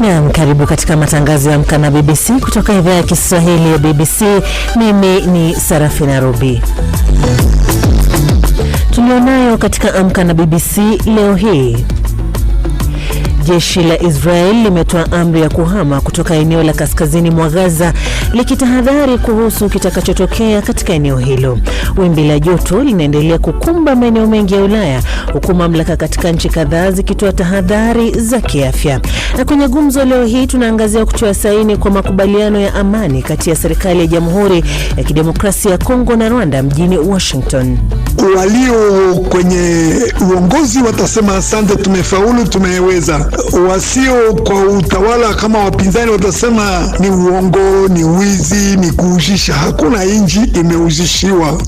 Naam, karibu katika matangazo ya Amka na BBC kutoka idhaa ya Kiswahili ya BBC. Mimi ni Sarafina Rubi. Tulionayo katika Amka na BBC leo hii Jeshi la Israel limetoa amri ya kuhama kutoka eneo la kaskazini mwa Gaza likitahadhari kuhusu kitakachotokea katika eneo hilo. Wimbi la joto linaendelea kukumba maeneo mengi ya Ulaya huku mamlaka katika nchi kadhaa zikitoa tahadhari za kiafya. Na kwenye gumzo leo hii tunaangazia kutoa saini kwa makubaliano ya amani kati ya serikali ya Jamhuri ya Kidemokrasia ya Kongo na Rwanda mjini Washington. Walio kwenye uongozi watasema asante, tumefaulu, tumeweza wasio kwa utawala kama wapinzani watasema ni uongo, ni wizi, ni kuuzisha. Hakuna inji imeuzishiwa.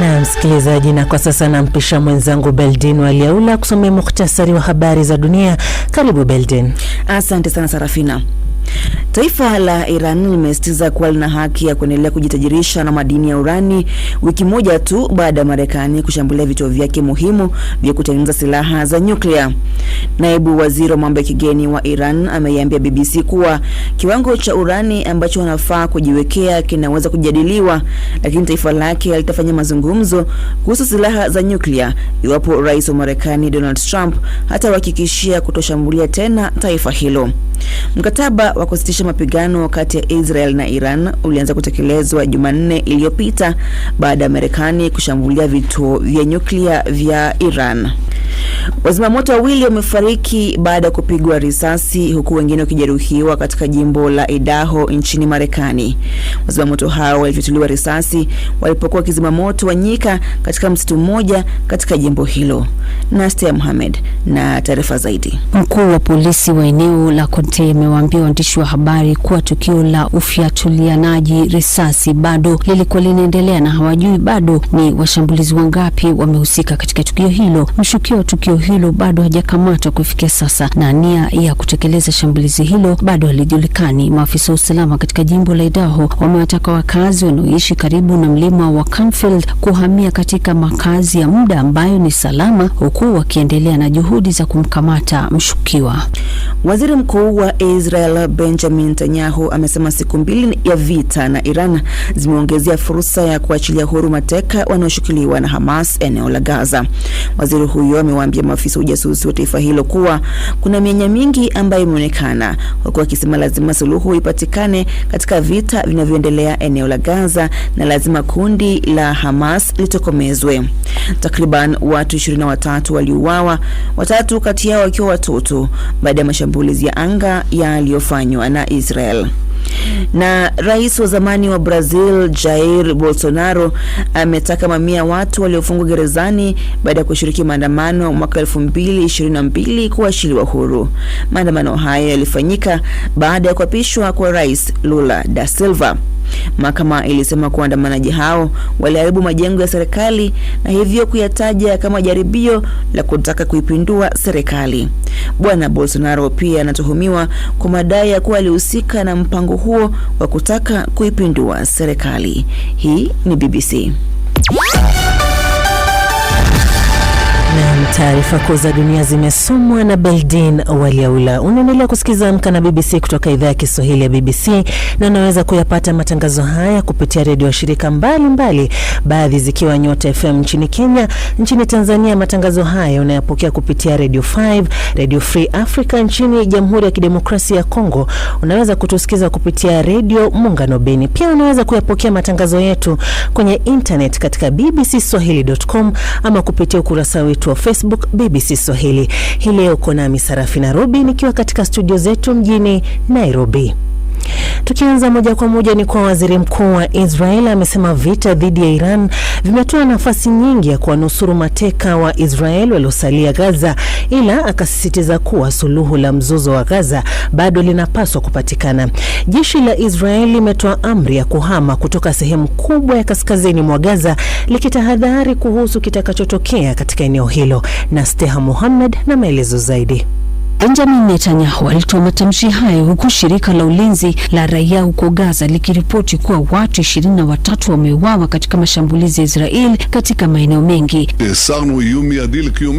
na msikilizaji, na kwa sasa nampisha mwenzangu Beldin Waliaula kusomea muhtasari wa habari za dunia. Karibu Beldin. Asante sana Sarafina. Taifa la Iran limesisitiza kuwa lina haki ya kuendelea kujitajirisha na madini ya urani, wiki moja tu baada ya Marekani kushambulia vituo vyake muhimu vya kutengeneza silaha za nyuklia. Naibu waziri wa mambo ya kigeni wa Iran ameiambia BBC kuwa kiwango cha urani ambacho wanafaa kujiwekea kinaweza kujadiliwa, lakini taifa lake halitafanya mazungumzo kuhusu silaha za nyuklia iwapo rais wa Marekani Donald Trump hatahakikishia kutoshambulia tena taifa hilo. Mkataba wa kusitisha mapigano kati ya Israel na Iran ulianza kutekelezwa Jumanne iliyopita baada ya Marekani kushambulia vituo vya nyuklia vya Iran. Wazimamoto wawili wamefariki baada ya kupigwa risasi huku wengine wakijeruhiwa katika jimbo la Idaho nchini Marekani. Wazimamoto hao walifyatuliwa risasi walipokuwa wakizima moto wa nyika katika msitu mmoja katika jimbo hilo. Nastia Mohamed na taarifa zaidi. Mkuu wa polisi wa eneo la Konte amewaambia waandishi wa habari kuwa tukio la ufyatulianaji risasi bado lilikuwa linaendelea na hawajui bado ni washambulizi wangapi wamehusika katika tukio hilo. Mshukiwa wa tukio hilo hilo bado hajakamatwa kufikia sasa na nia ya kutekeleza shambulizi hilo bado halijulikani. Maafisa wa usalama katika jimbo la Idaho wamewataka wakazi wanaoishi karibu na mlima wa Canfield kuhamia katika makazi ya muda ambayo ni salama, huku wakiendelea na juhudi za kumkamata mshukiwa. Waziri Mkuu wa Israel Benjamin Netanyahu amesema siku mbili ya vita na Iran zimeongezea fursa ya kuachilia huru mateka wanaoshukiliwa na Hamas eneo la Gaza. Waziri huyo amewaambia maafisa ujasusi wa taifa hilo kuwa kuna mianya mingi ambayo imeonekana, huku akisema lazima suluhu ipatikane katika vita vinavyoendelea eneo la Gaza na lazima kundi la Hamas litokomezwe. Takriban watu 23 waliuawa, watatu kati yao wakiwa watoto baada ya mashambulizi ya anga yaliyofanywa na Israel. Na rais wa zamani wa Brazil Jair Bolsonaro ametaka mamia watu waliofungwa gerezani baada ya kushiriki maandamano mwaka 2022 kuachiliwa huru. Maandamano hayo yalifanyika baada ya kuapishwa kwa Rais Lula da Silva. Mahakama ilisema kuwa waandamanaji hao waliharibu majengo ya serikali na hivyo kuyataja kama jaribio la kutaka kuipindua serikali. Bwana Bolsonaro pia anatuhumiwa kwa madai ya kuwa alihusika na mpango huo wa kutaka kuipindua serikali. Hii ni BBC taarifa kuu za dunia zimesomwa na Beldin Waliaula. Unaendelea kusikiza Amka na BBC kutoka idhaa ya Kiswahili ya BBC, na unaweza kuyapata matangazo haya kupitia redio shirika mbalimbali, baadhi zikiwa Nyota FM nchini Kenya. Nchini Tanzania, matangazo haya unayapokea kupitia Radio 5, Radio Free Africa nchini Jamhuri ya Kidemokrasia ya congo Unaweza kutusikiza kupitia redio Muungano Beni. Pia unaweza kuyapokea matangazo yetu kwenye intnet katika bbcswahili.com ama kupitia ukurasa wetu wetu wa Facebook BBC Swahili. Hii leo uko nami Sarafina nikiwa katika studio zetu mjini Nairobi. Tukianza moja kwa moja ni kwa waziri mkuu wa Israel amesema vita dhidi ya Iran vimetoa nafasi nyingi ya kuwanusuru mateka wa Israel waliosalia Gaza, ila akasisitiza kuwa suluhu la mzozo wa Gaza bado linapaswa kupatikana. Jeshi la Israel limetoa amri ya kuhama kutoka sehemu kubwa ya kaskazini mwa Gaza, likitahadhari kuhusu kitakachotokea katika eneo hilo. Na Steha Muhammad na maelezo zaidi. Benjamin Netanyahu alitoa matamshi hayo huku shirika la ulinzi la raia huko Gaza likiripoti kuwa watu ishirini na watatu wameuawa katika mashambulizi ya Israeli katika maeneo mengi.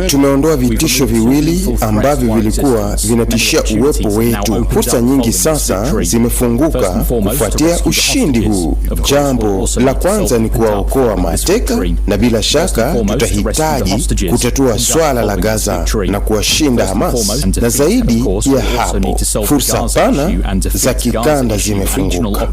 Tumeondoa vitisho viwili ambavyo vilikuwa vinatishia uwepo wetu. Fursa nyingi sasa zimefunguka kufuatia ushindi huu. Jambo la kwanza ni kuwaokoa mateka, na bila shaka tutahitaji kutatua swala la Gaza na kuwashinda Hamas. Na zaidi ya hapo, fursa pana za kikanda zimefunguka.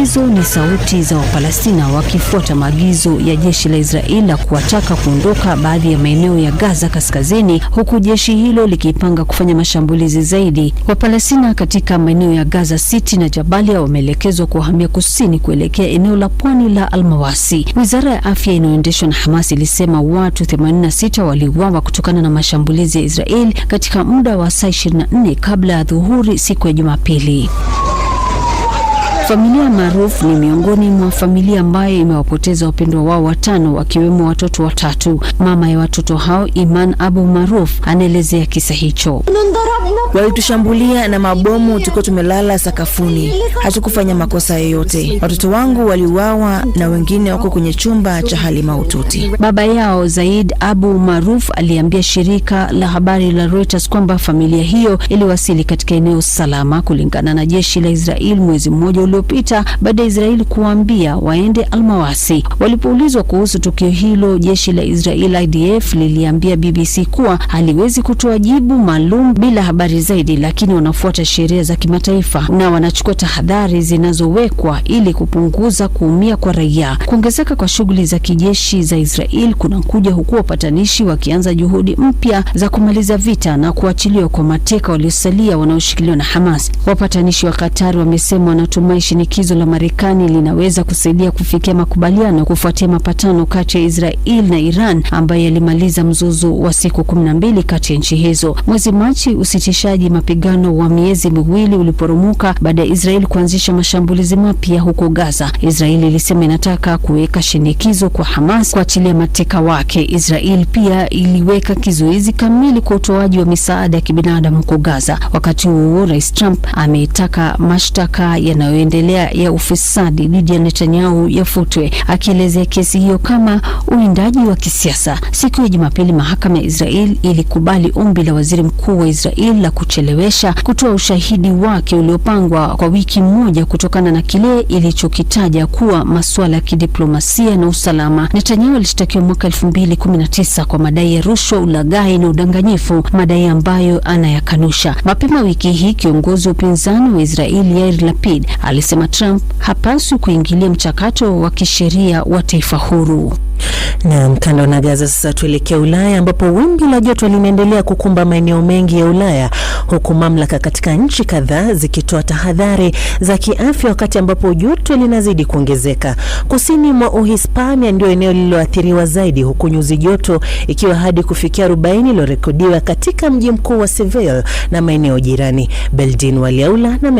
Hizo ni sauti za Wapalestina wakifuata maagizo ya jeshi la Israeli la kuwataka kuondoka baadhi ya maeneo ya Gaza kaskazini, huku jeshi hilo likipanga kufanya mashambulizi zaidi. Wapalestina katika maeneo ya Gaza City na Jabalia wameelekezwa kuhamia kusini kuelekea eneo la pwani la Almawasi. Wizara ya afya inayoendeshwa na Hamas ilisema watu 86 waliuawa kutokana na mashambulizi ya Israeli katika muda wa saa 24 kabla ya dhuhuri siku ya Jumapili. Familia maarufu ni miongoni mwa familia ambayo imewapoteza wapendwa wao watano wakiwemo watoto watatu. Mama ya watoto hao Iman Abu Maruf anaelezea kisa hicho. Walitushambulia na mabomu tukiwa tumelala sakafuni, hatukufanya makosa yoyote. Watoto wangu waliuawa na wengine wako kwenye chumba cha hali mahututi. Baba yao Zaid Abu Maruf aliambia shirika la habari la Reuters kwamba familia hiyo iliwasili katika eneo salama kulingana na jeshi la Israel mwezi mmoja ulio iliyopita baada ya Israeli kuwaambia waende Almawasi. Walipoulizwa kuhusu tukio hilo, jeshi la Israeli IDF liliambia BBC kuwa haliwezi kutoa jibu maalum bila habari zaidi, lakini wanafuata sheria za kimataifa na wanachukua tahadhari zinazowekwa ili kupunguza kuumia kwa raia. Kuongezeka kwa shughuli za kijeshi za Israeli kunakuja huku wapatanishi wakianza juhudi mpya za kumaliza vita na kuachiliwa kwa mateka waliosalia wanaoshikiliwa na Hamas. Wapatanishi wa Katari wamesema wanatumai shinikizo la Marekani linaweza kusaidia kufikia makubaliano kufuatia mapatano kati ya Israel na Iran ambayo yalimaliza mzozo wa siku kumi na mbili kati ya nchi hizo. Mwezi Machi, usitishaji mapigano wa miezi miwili uliporomoka baada ya Israel kuanzisha mashambulizi mapya huko Gaza. Israel ilisema inataka kuweka shinikizo kwa Hamas kuachilia mateka wake. Israel pia iliweka kizuizi kamili kwa utoaji wa misaada ya kibinadamu huko Gaza. Wakati huo Rais Trump ametaka mashtaka yanayo inayoendelea ya ufisadi dhidi ya Netanyahu yafutwe, akielezea kesi hiyo kama uwindaji wa kisiasa. Siku ya Jumapili, mahakama ya Israel ilikubali ombi la waziri mkuu wa Israel la kuchelewesha kutoa ushahidi wake uliopangwa kwa wiki moja kutokana na kile ilichokitaja kuwa masuala ya kidiplomasia na usalama. Netanyahu alishtakiwa mwaka elfu mbili kumi na tisa kwa madai ya rushwa, ulaghai na udanganyifu, madai ambayo anayakanusha. Mapema wiki hii kiongozi wa upinzani wa Israel Yair Lapid ali amesema Trump hapaswi kuingilia mchakato wa kisheria wa taifa huru. Nam, kando na Gaza, sasa tuelekea Ulaya ambapo wimbi la joto linaendelea kukumba maeneo mengi ya Ulaya huku mamlaka katika nchi kadhaa zikitoa tahadhari za kiafya wakati ambapo joto linazidi kuongezeka. Kusini mwa Uhispania ndio eneo lililoathiriwa zaidi, huku nyuzi joto ikiwa hadi kufikia 40 iliyorekodiwa katika mji mkuu wa Seville na maeneo jirani. Beldin Waliaula na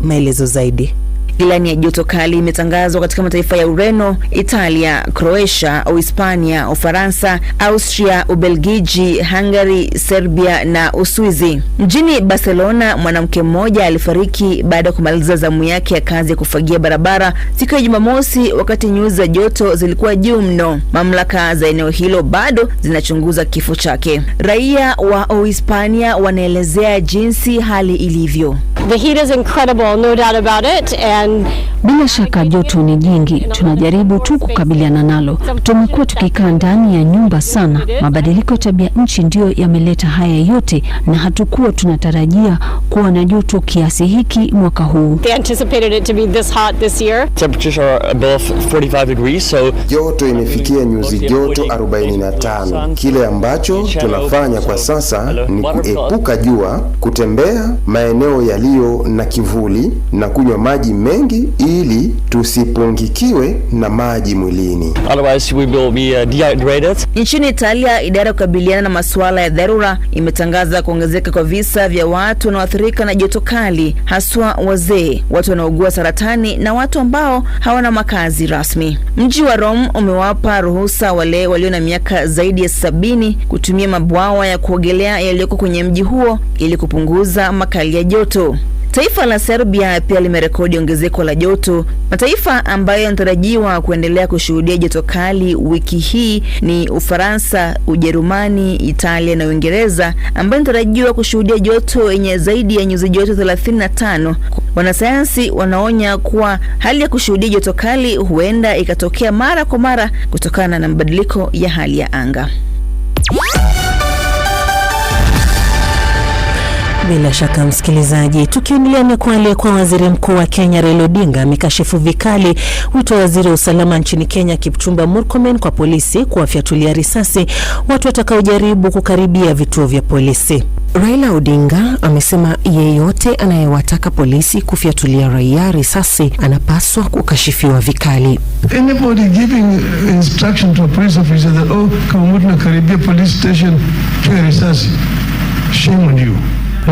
maelezo zaidi. Ilani ya joto kali imetangazwa katika mataifa ya Ureno, Italia, Croatia, Uhispania, Ufaransa, Austria, Ubelgiji, Hungary, Serbia na Uswizi. Mjini Barcelona, mwanamke mmoja alifariki baada ya kumaliza zamu yake ya kazi ya kufagia barabara siku ya Jumamosi, wakati nyuzi za joto zilikuwa juu mno. Mamlaka za eneo hilo bado zinachunguza kifo chake. Raia wa Uhispania wanaelezea jinsi hali ilivyo. The heat is incredible, no doubt about it, and... Bila shaka joto ni jingi, tunajaribu tu kukabiliana nalo. Tumekuwa tukikaa ndani ya nyumba sana. Mabadiliko ya tabia nchi ndiyo yameleta haya yote, na hatukuwa tunatarajia kuwa na joto kiasi hiki mwaka huu. Joto imefikia nyuzi joto 45. Kile ambacho tunafanya kwa sasa ni kuepuka jua, kutembea maeneo yaliyo na kivuli na kunywa maji me wengi ili tusipungikiwe na maji mwilini. Otherwise we will be uh, dehydrated. Nchini Italia, idara ya kukabiliana na masuala ya dharura imetangaza kuongezeka kwa visa vya watu wanaoathirika na joto kali, haswa wazee, watu wanaougua saratani na watu ambao hawana makazi rasmi. Mji wa Rome umewapa ruhusa wale walio na miaka zaidi ya sabini kutumia mabwawa ya kuogelea yaliyoko kwenye mji huo ili kupunguza makali ya joto. Taifa la Serbia pia limerekodi ongezeko la joto. Mataifa ambayo yanatarajiwa kuendelea kushuhudia joto kali wiki hii ni Ufaransa, Ujerumani, Italia na Uingereza ambayo yanatarajiwa kushuhudia joto yenye zaidi ya nyuzi joto 35. Wanasayansi wanaonya kuwa hali ya kushuhudia joto kali huenda ikatokea mara kwa mara kutokana na mabadiliko ya hali ya anga. Bila shaka msikilizaji, tukiendelea ni kwa aliyekuwa waziri mkuu wa Kenya Raila Odinga amekashifu vikali wito wa waziri wa usalama nchini Kenya Kipchumba Murkomen kwa polisi kuwafyatulia risasi watu watakaojaribu kukaribia vituo vya polisi. Raila Odinga amesema yeyote anayewataka polisi kufyatulia raia risasi anapaswa kukashifiwa vikali. Oh, shame on you.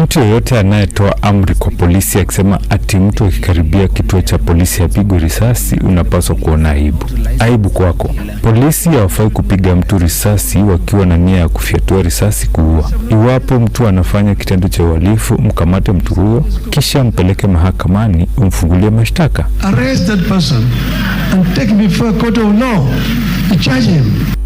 Mtu yeyote anayetoa amri kwa polisi akisema ati mtu akikaribia kituo cha polisi apigwe risasi, unapaswa kuona aibu. Aibu kwako. Polisi hawafai kupiga mtu risasi wakiwa na nia ya kufyatua risasi kuua. Iwapo mtu anafanya kitendo cha uhalifu, mkamate mtu huyo kisha mpeleke mahakamani, umfungulie mashtaka.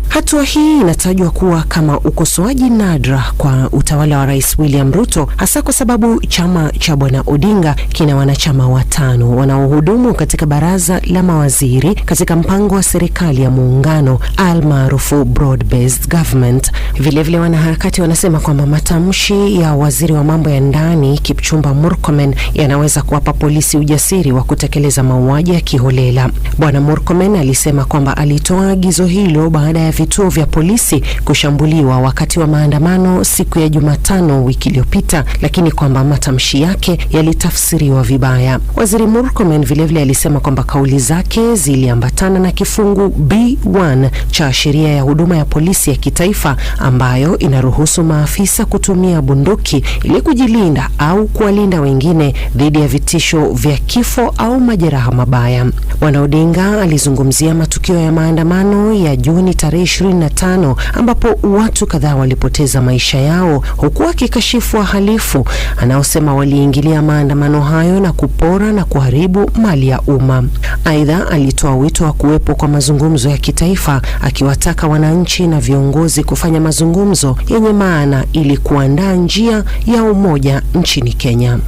Hatua hii inatajwa kuwa kama ukosoaji nadra kwa utawala wa Rais William Ruto, hasa kwa sababu chama cha Bwana Odinga kina wanachama watano wanaohudumu katika baraza la mawaziri katika mpango wa serikali ya muungano almaarufu broad-based government. Vilevile, wanaharakati wanasema kwamba matamshi ya waziri wa mambo ya ndani Kipchumba Murkomen yanaweza kuwapa polisi ujasiri wa kutekeleza mauaji ya kiholela. Bwana Murkomen alisema kwamba alitoa agizo hilo baada ya vituo vya polisi kushambuliwa wakati wa maandamano siku ya Jumatano wiki iliyopita, lakini kwamba matamshi yake yalitafsiriwa vibaya. Waziri Murkomen vilevile alisema kwamba kauli zake ziliambatana na kifungu B1 cha sheria ya huduma ya polisi ya kitaifa ambayo inaruhusu maafisa kutumia bunduki ili kujilinda au kuwalinda wengine dhidi ya vitisho vya kifo au majeraha mabaya. Bwana Odinga alizungumzia matukio ya maandamano ya Juni tarehe 2025 ambapo watu kadhaa walipoteza maisha yao, huku akikashifu wahalifu anaosema waliingilia maandamano hayo na kupora na kuharibu mali ya umma. Aidha, alitoa wito wa kuwepo kwa mazungumzo ya kitaifa, akiwataka wananchi na viongozi kufanya mazungumzo yenye maana ili kuandaa njia ya umoja nchini Kenya.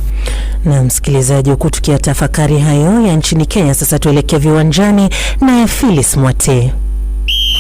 Na msikilizaji, huku tukia tafakari hayo ya nchini Kenya, sasa tuelekee viwanjani na Phyllis Mwate.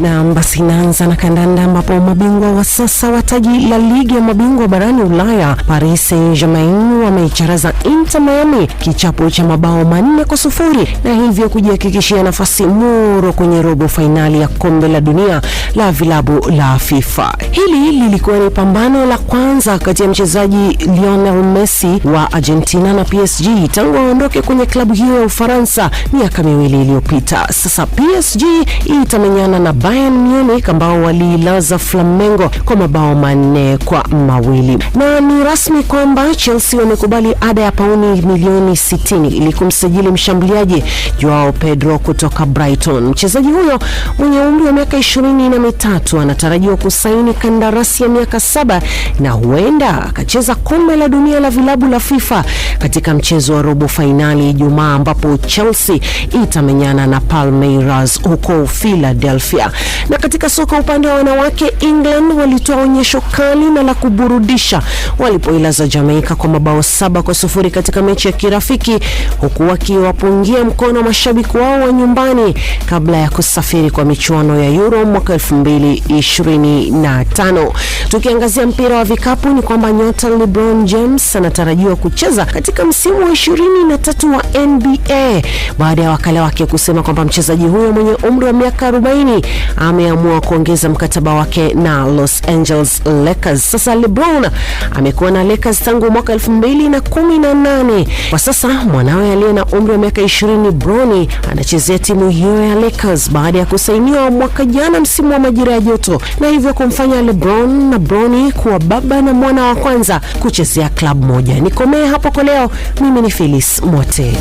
Na basi inaanza na kandanda ambapo mabingwa wa sasa wa taji la ligi ya mabingwa barani Ulaya Paris Saint-Germain wameicharaza Inter Miami kichapo cha mabao manne kwa sufuri na hivyo kujihakikishia nafasi moro kwenye robo fainali ya kombe la dunia la vilabu la FIFA. Hili lilikuwa ni pambano la kwanza kati ya mchezaji Lionel Messi wa Argentina na PSG tangu aondoke kwenye klabu hiyo ya Ufaransa miaka miwili iliyopita. Sasa PSG itamenyana na Bayern Munich ambao waliilaza Flamengo kwa mabao manne kwa mawili. Na ni rasmi kwamba Chelsea wamekubali ada ya pauni milioni 60 ili kumsajili mshambuliaji Joao Pedro kutoka Brighton. Mchezaji huyo mwenye umri wa miaka ishirini na mitatu anatarajiwa kusaini kandarasi ya miaka saba na huenda akacheza kombe la dunia la vilabu la FIFA katika mchezo wa robo fainali Ijumaa ambapo Chelsea itamenyana na Palmeiras huko Philadelphia. Na katika soka upande wa wanawake, England walitoa onyesho kali na la kuburudisha walipoilaza Jamaica kwa mabao saba kwa sufuri katika mechi ya kirafiki, huku wakiwapungia mkono mashabiki wao wa nyumbani kabla ya kusafiri kwa michuano ya Euro mwaka 2025. Tukiangazia mpira wa vikapu, ni kwamba nyota LeBron James anatarajiwa kucheza katika msimu wa 23 wa NBA baada ya wakala wake kusema kwamba mchezaji huyo mwenye umri wa miaka 40 ameamua kuongeza mkataba wake na Los Angeles Lakers. Sasa LeBron amekuwa na Lakers tangu mwaka 2018. Kwa sasa mwanawe aliye na umri wa miaka 20, Bronny anachezea timu hiyo ya Lakers baada ya kusainiwa mwaka jana msimu wa majira ya joto, na hivyo kumfanya LeBron na Bronny kuwa baba na mwana wa kwanza kuchezea klabu moja. Nikomee hapo kwa leo. Mimi ni Felix Mote.